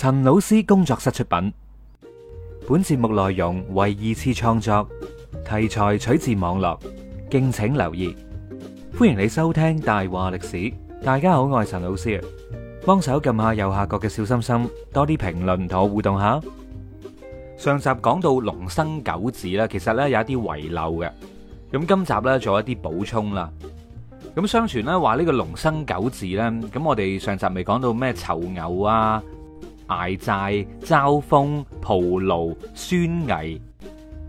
陳老師工作室出品，本節目內容為二次創作，題材取自網絡，敬請留意。歡迎你收聽大話歷史。大家好，我係陳老師，幫手撳下右下角嘅小心心，多啲評論同我互動下。上集講到龍生九子啦，其實咧有一啲遺漏嘅，咁今集咧做一啲補充啦。咁相傳呢話呢個龍生九子咧，咁我哋上集未講到咩囚牛啊。挨債、嘲風蒲奴、酸毅、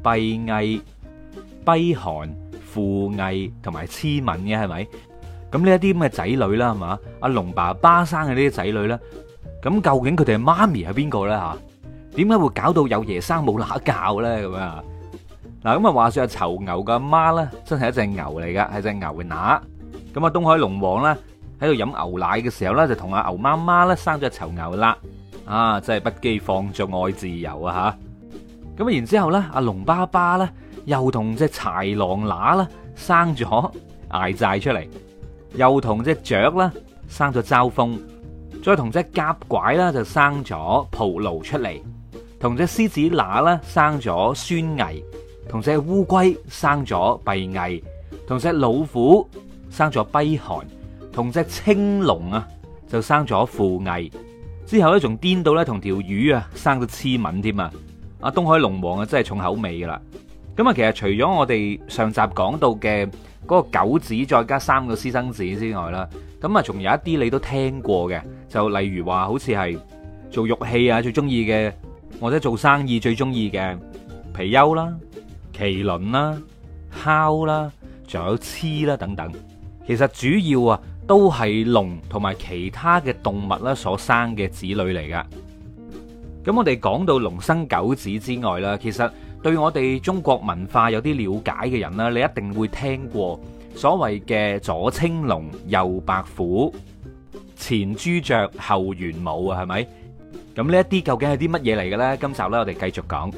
卑毅、卑寒、負毅，同埋痴敏嘅係咪？咁呢一啲咁嘅仔女啦，係嘛？阿龍爸爸生嘅呢啲仔女咧，咁究竟佢哋嘅媽咪係邊個咧？吓，點解會搞到有爺生冇乸教咧？咁啊，嗱，咁啊，話說啊，囚牛嘅阿媽咧，真係一隻牛嚟噶，係隻牛乸。咁啊，東海龍王啦，喺度飲牛奶嘅時候咧，就同阿牛媽媽咧生咗隻囚牛啦。啊！真係不羈放縱愛自由啊吓！咁啊，然之後咧，阿龍爸爸咧又同隻豺狼乸咧生咗睚眥出嚟，又同隻雀啦生咗嘲風，再同隻甲拐啦就生咗蒲牢出嚟，同隻獅子乸咧生咗狻猊，同隻烏龜生咗贔屭，同隻老虎生咗狴犴，同隻青龍啊就生咗負屭。之後咧，仲癲到咧同條魚啊生咗黐吻添啊！阿東海龍王啊，真係重口味噶啦。咁啊，其實除咗我哋上集講到嘅嗰個九子，再加三個私生子之外啦，咁啊，仲有一啲你都聽過嘅，就例如話好似係做玉器啊最中意嘅，或者做生意最中意嘅貔貅啦、麒麟啦、烤啦，仲有黐啦等等。其實主要啊。都係龍同埋其他嘅動物啦，所生嘅子女嚟噶。咁我哋講到龍生九子之外啦，其實對我哋中國文化有啲了解嘅人啦，你一定會聽過所謂嘅左青龍，右白虎，前朱雀，後玄武啊，係咪？咁呢一啲究竟係啲乜嘢嚟嘅咧？今集咧我哋繼續講。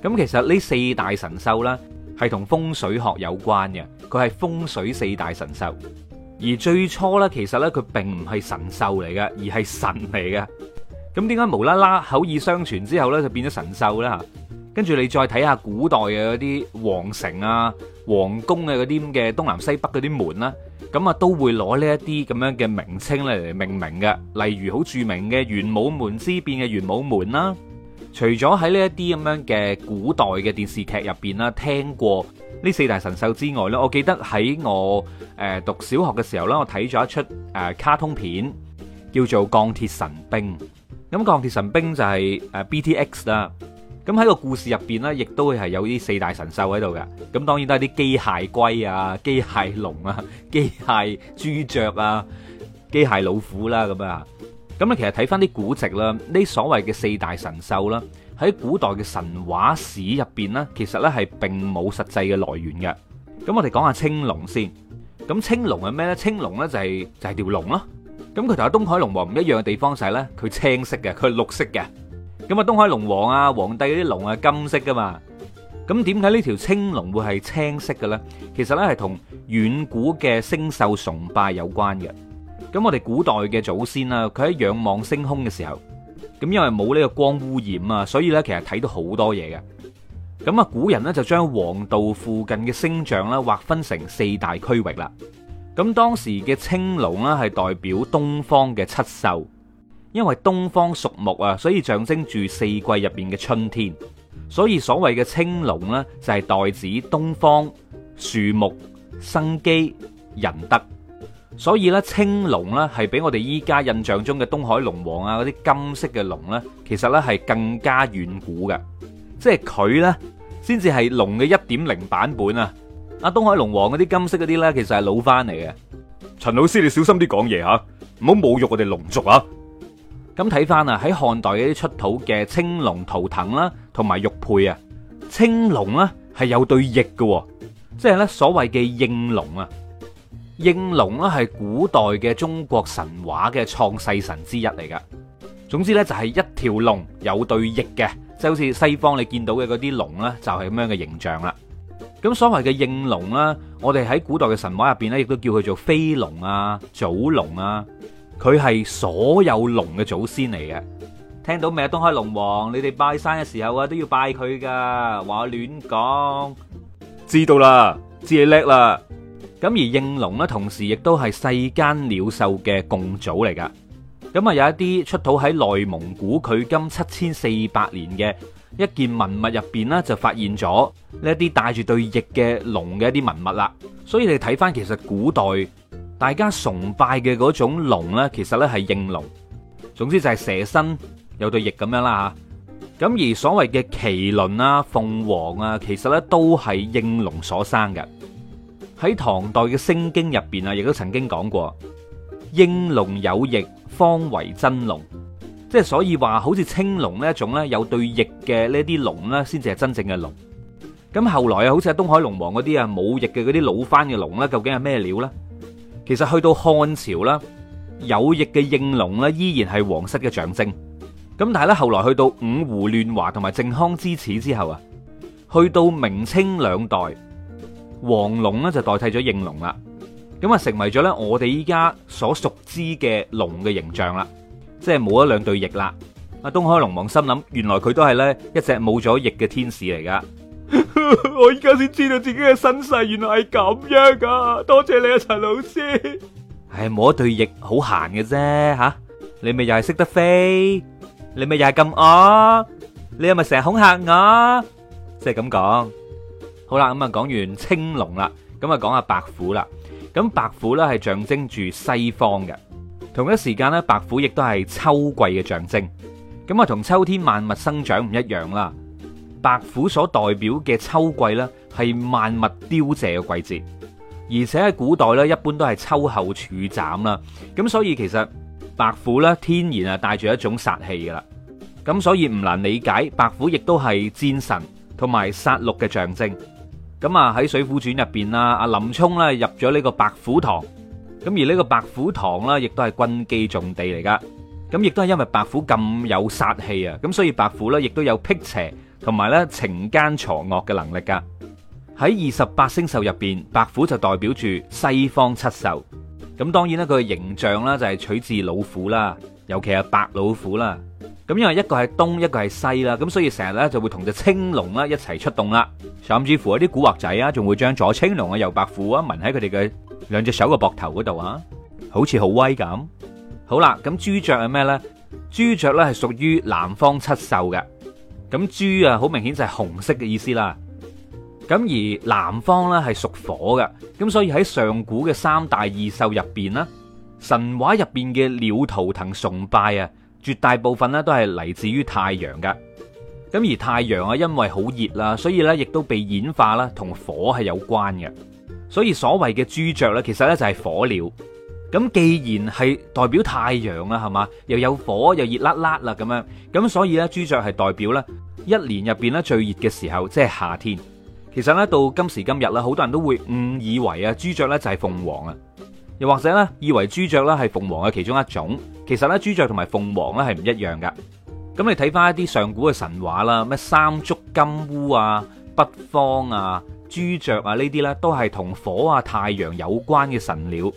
咁其實呢四大神獸啦，係同風水學有關嘅，佢係風水四大神獸。而最初呢，其實呢，佢並唔係神獸嚟嘅，而係神嚟嘅。咁點解無啦啦口耳相傳之後呢，就變咗神獸咧？跟住你再睇下古代嘅嗰啲皇城啊、皇宮啊、嗰啲咁嘅東南西北嗰啲門啦、啊，咁啊都會攞呢一啲咁樣嘅名稱嚟命名嘅。例如好著名嘅玄武門之變嘅玄武門啦、啊，除咗喺呢一啲咁樣嘅古代嘅電視劇入邊啦，聽過。呢四大神獸之外咧，我記得喺我誒讀小學嘅時候咧，我睇咗一出誒卡通片叫做《鋼鐵神兵》。咁《鋼鐵神兵》就係誒 B T X 啦。咁喺個故事入邊咧，亦都會係有啲四大神獸喺度嘅。咁當然都係啲機械龜啊、機械龍啊、機械朱雀啊、機械老虎啦咁啊。咁你其實睇翻啲古籍啦，呢所謂嘅四大神獸啦。喺古代嘅神話史入邊呢，其實呢係並冇實際嘅來源嘅。咁我哋講下青龍先。咁青龍係咩呢？青龍呢就係就係條龍咯。咁佢同東海龍王唔一樣嘅地方就係呢，佢青色嘅，佢綠色嘅。咁啊，東海龍王啊，皇帝嗰啲龍啊，金色㗎嘛。咁點解呢條青龍會係青色嘅呢？其實呢係同遠古嘅星宿崇拜有關嘅。咁我哋古代嘅祖先呀，佢喺仰望星空嘅時候。咁因為冇呢個光污染啊，所以呢，其實睇到好多嘢嘅。咁啊，古人呢，就將黃道附近嘅星象呢，劃分成四大區域啦。咁當時嘅青龍呢，係代表東方嘅七宿，因為東方屬木啊，所以象徵住四季入邊嘅春天。所以所謂嘅青龍呢，就係代指東方樹木生機仁德。所以咧，青龍咧係比我哋依家印象中嘅東海龍王啊，嗰啲金色嘅龍咧，其實咧係更加遠古嘅，即係佢咧先至係龍嘅一點零版本啊！阿東海龍王嗰啲金色嗰啲咧，其實係老翻嚟嘅。陳老師，你小心啲講嘢吓，唔好侮辱我哋龍族啊！咁睇翻啊，喺漢代嗰啲出土嘅青龍圖騰啦，同埋玉佩啊，青龍咧係有對翼嘅，即係咧所謂嘅應龍啊。應龍咧係古代嘅中國神話嘅創世神之一嚟噶總之咧就係一條龍有對翼嘅，就好似西方你見到嘅嗰啲龍咧就係咁樣嘅形象啦。咁所謂嘅應龍咧，我哋喺古代嘅神話入邊咧，亦都叫佢做飛龍啊、祖龍啊，佢係所有龍嘅祖先嚟嘅。聽到未啊？東海龍王，你哋拜山嘅時候啊都要拜佢噶話我亂講，知道啦，知你叻啦。咁而應龍咧，同時亦都係世間鳥獸嘅共祖嚟噶。咁啊，有一啲出土喺內蒙古距今七千四百年嘅一件文物入邊呢，就發現咗呢一啲帶住對翼嘅龍嘅一啲文物啦。所以你睇翻，其實古代大家崇拜嘅嗰種龍呢，其實呢係應龍。總之就係蛇身有對翼咁樣啦吓。咁而所謂嘅麒麟啊、鳳凰啊，其實呢都係應龍所生嘅。喺唐代嘅《星經》入邊啊，亦都曾經講過：應龍有翼，方為真龍。即係所以話，好似青龍呢一種咧，有對翼嘅呢啲龍咧，先至係真正嘅龍。咁後來啊，好似係東海龍王嗰啲啊冇翼嘅嗰啲老番嘅龍咧，究竟係咩料咧？其實去到漢朝啦，有翼嘅應龍咧，依然係皇室嘅象徵。咁但係咧，後來去到五胡亂華同埋靖康之恥之後啊，去到明清兩代。黃龍咧就代替咗應龍啦，咁啊成為咗咧我哋依家所熟知嘅龍嘅形象啦，即係冇一兩對翼啦。啊，東海龍王心諗，原來佢都係咧一隻冇咗翼嘅天使嚟噶。我依家先知道自己嘅身世，原來係咁樣噶。多謝你啊，陳老師。唉，冇一對翼好閒嘅啫吓，你咪又係識得飛，你咪又係咁啊，你係咪成日恐嚇我？即係咁講。好啦，咁啊講完青龍啦，咁啊講下白虎啦。咁白虎呢係象徵住西方嘅，同一時間呢，白虎亦都係秋季嘅象徵。咁啊同秋天萬物生長唔一樣啦，白虎所代表嘅秋季呢，係萬物凋謝嘅季節，而且喺古代呢，一般都係秋後處斬啦。咁所以其實白虎呢天然啊帶住一種殺氣噶啦，咁所以唔難理解白虎亦都係戰神同埋殺戮嘅象徵，咁啊喺《水滸傳》入邊啦，阿林沖咧入咗呢個白虎堂，咁而呢個白虎堂啦，亦都係軍機重地嚟噶，咁亦都係因為白虎咁有殺氣啊，咁所以白虎呢亦都有辟邪同埋呢懲奸除惡嘅能力噶。喺二十八星宿入邊，白虎就代表住西方七宿，咁當然啦，佢嘅形象啦就係取自老虎啦。尤其係白老虎啦，咁因為一個係東，一個係西啦，咁所以成日咧就會同隻青龍啦一齊出動啦，甚至乎有啲古惑仔啊，仲會將左青龍啊、右白虎啊紋喺佢哋嘅兩隻手嘅膊頭嗰度啊，好似好威咁。好啦，咁朱雀係咩咧？朱雀咧係屬於南方七宿嘅，咁朱啊好明顯就係紅色嘅意思啦。咁而南方咧係屬火嘅，咁所以喺上古嘅三大異獸入邊咧。神話入邊嘅鳥圖騰崇拜啊，絕大部分咧都係嚟自於太陽嘅。咁而太陽啊，因為好熱啦，所以呢亦都被演化啦，同火係有關嘅。所以所謂嘅朱雀呢，其實呢就係火鳥。咁既然係代表太陽啦，係嘛？又有火，又熱辣辣啦，咁樣。咁所以呢朱雀係代表呢一年入邊呢最熱嘅時候，即係夏天。其實呢，到今時今日呢，好多人都會誤以為啊，朱雀呢就係鳳凰啊。又或者咧，以為朱雀啦係鳳凰嘅其中一種，其實咧，朱雀同埋鳳凰咧係唔一樣㗎。咁你睇翻一啲上古嘅神話啦，咩三足金烏啊、北方啊、朱雀啊呢啲呢，都係同火啊、太陽有關嘅神鳥。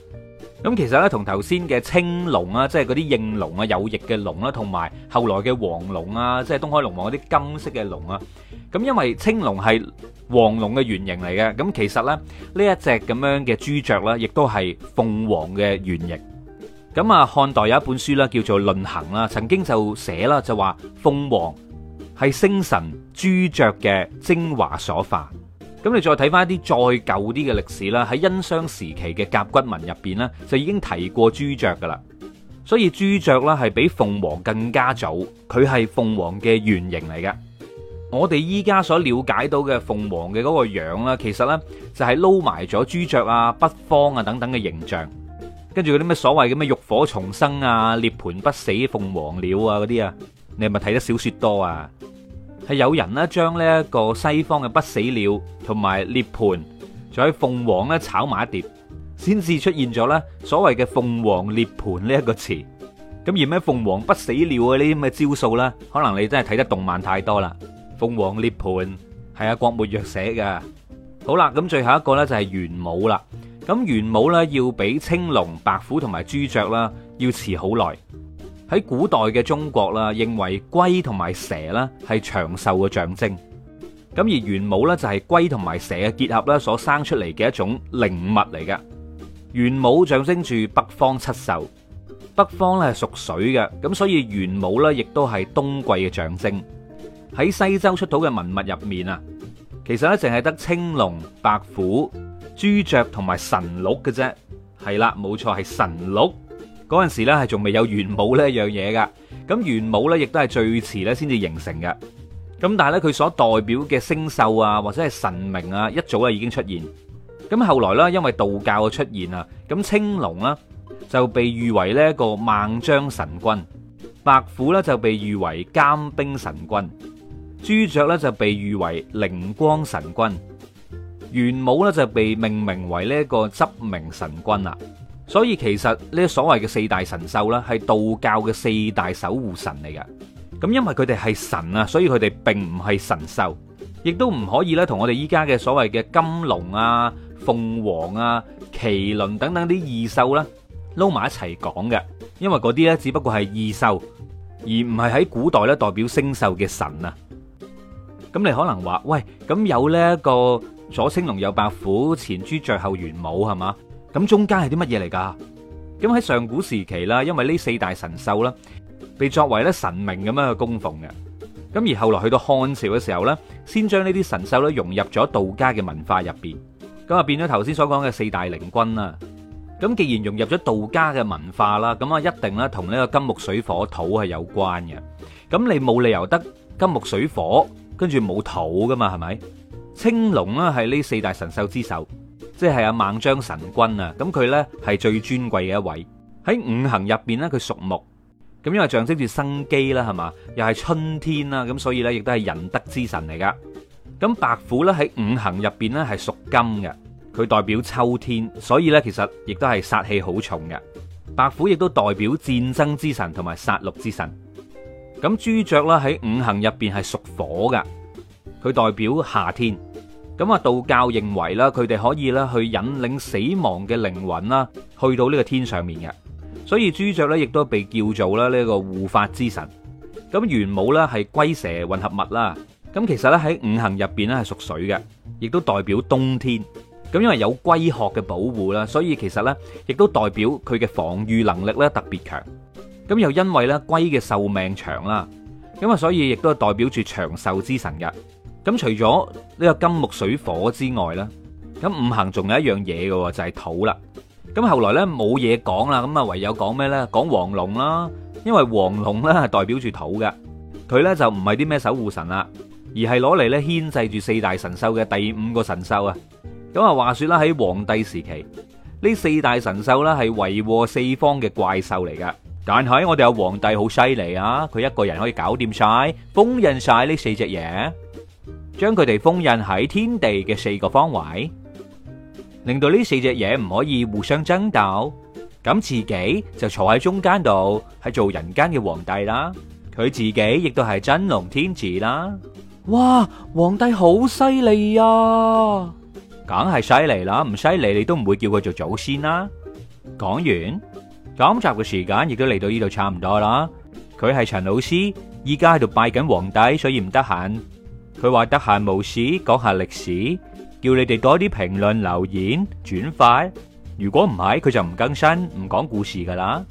咁其實咧，同頭先嘅青龍啊，即係嗰啲應龍啊，有翼嘅龍啊，同埋後來嘅黃龍啊，即係東海龍王嗰啲金色嘅龍啊。咁因為青龍係黃龍嘅原型嚟嘅，咁其實咧，呢一隻咁樣嘅朱雀啦，亦都係鳳凰嘅原型。咁啊，漢代有一本書啦，叫做《論衡》啊，曾經就寫啦，就話鳳凰係星神朱雀嘅精華所化。咁你再睇翻一啲再舊啲嘅歷史啦，喺殷商時期嘅甲骨文入面呢，就已經提過朱雀噶啦。所以朱雀啦係比鳳凰更加早，佢係鳳凰嘅原型嚟嘅。我哋依家所了解到嘅鳳凰嘅嗰個樣啦，其實呢，就係撈埋咗朱雀啊、北方啊等等嘅形象，跟住嗰啲咩所謂嘅咩浴火重生啊、涅槃不死鳳凰鳥啊嗰啲啊，你係咪睇得小説多啊？有人咧，將呢一個西方嘅不死鳥同埋涅槃，仲喺鳳凰咧炒埋一碟，先至出現咗呢所謂嘅鳳凰涅槃呢一個詞。咁而咩鳳凰不死鳥啊呢啲咁嘅招數呢？可能你真係睇得動漫太多啦。鳳凰涅槃係啊，郭沫若寫嘅。好啦，咁最後一個呢就係玄武啦。咁玄武呢，要比青龍、白虎同埋朱雀啦要遲好耐。喺古代嘅中國啦，認為龜同埋蛇啦係長壽嘅象徵。咁而玄武咧就係龜同埋蛇嘅結合啦，所生出嚟嘅一種靈物嚟嘅。玄武象徵住北方七宿，北方咧係屬水嘅，咁所以玄武咧亦都係冬季嘅象徵。喺西周出土嘅文物入面啊，其實咧淨係得青龍、白虎、朱雀同埋神鹿嘅啫。係啦，冇錯，係神鹿。嗰陣時咧係仲未有玄武呢一樣嘢噶，咁玄武咧亦都係最遲咧先至形成嘅。咁但係咧佢所代表嘅星獸啊，或者係神明啊，一早啊已經出現。咁後來咧，因為道教嘅出現啊，咁青龍呢，就被譽為呢一個孟章神君，白虎咧就被譽為監兵神君，朱雀咧就被譽為靈光神君，玄武咧就被命名為呢一個執明神君啦。所以其實呢個所謂嘅四大神獸啦，係道教嘅四大守護神嚟嘅。咁因為佢哋係神啊，所以佢哋並唔係神獸，亦都唔可以咧同我哋依家嘅所謂嘅金龍啊、鳳凰啊、麒麟等等啲異獸啦撈埋一齊講嘅。因為嗰啲咧只不過係異獸，而唔係喺古代咧代表星獸嘅神啊。咁你可能話喂，咁有呢一個左青龍右白虎前朱雀後玄武係嘛？咁中間係啲乜嘢嚟噶？咁喺上古時期啦，因為呢四大神獸啦，被作為咧神明咁樣去供奉嘅。咁而後來去到漢朝嘅時候咧，先將呢啲神獸咧融入咗道家嘅文化入邊。咁啊變咗頭先所講嘅四大靈君啦。咁既然融入咗道家嘅文化啦，咁啊一定啦同呢個金木水火土係有關嘅。咁你冇理由得金木水火跟住冇土噶嘛？係咪？青龍啦係呢四大神獸之首。即係阿猛章神君啊，咁佢呢係最尊貴嘅一位。喺五行入邊呢，佢屬木，咁因為象徵住生機啦，係嘛，又係春天啦，咁所以呢，亦都係仁德之神嚟噶。咁白虎呢，喺五行入邊呢，係屬金嘅，佢代表秋天，所以呢，其實亦都係殺氣好重嘅。白虎亦都代表戰爭之神同埋殺戮之神。咁朱雀啦喺五行入邊係屬火嘅，佢代表夏天。咁啊，道教認為啦，佢哋可以咧去引領死亡嘅靈魂啦，去到呢個天上面嘅。所以朱雀咧，亦都被叫做咧呢個護法之神。咁玄武咧係龜蛇混合物啦。咁其實咧喺五行入邊咧係屬水嘅，亦都代表冬天。咁因為有龜殼嘅保護啦，所以其實咧亦都代表佢嘅防禦能力咧特別強。咁又因為咧龜嘅壽命長啦，咁啊所以亦都係代表住長壽之神嘅。咁除咗呢個金木水火之外咧，咁五行仲有一樣嘢嘅就係土啦。咁後來咧冇嘢講啦，咁啊唯有講咩咧？講黃龍啦，因為黃龍咧係代表住土嘅，佢咧就唔係啲咩守護神啦，而係攞嚟咧牽制住四大神獸嘅第五個神獸啊。咁啊，話說啦，喺皇帝時期，呢四大神獸咧係為禍四方嘅怪獸嚟噶。但係我哋有皇帝好犀利啊，佢一個人可以搞掂晒，封印晒呢四隻嘢。將佢哋封印喺天地嘅四個方位，令到呢四隻嘢唔可以互相爭鬥，咁自己就坐喺中間度，係做人間嘅皇帝啦。佢自己亦都係真龍天子啦。哇，皇帝好犀利啊，梗係犀利啦，唔犀利你都唔會叫佢做祖先啦。講完，今集嘅時間亦都嚟到呢度差唔多啦。佢係陳老師，依家喺度拜緊皇帝，所以唔得閒。佢話得閒無事講下歷史，叫你哋多啲評論、留言、轉發。如果唔係，佢就唔更新、唔講故事噶啦。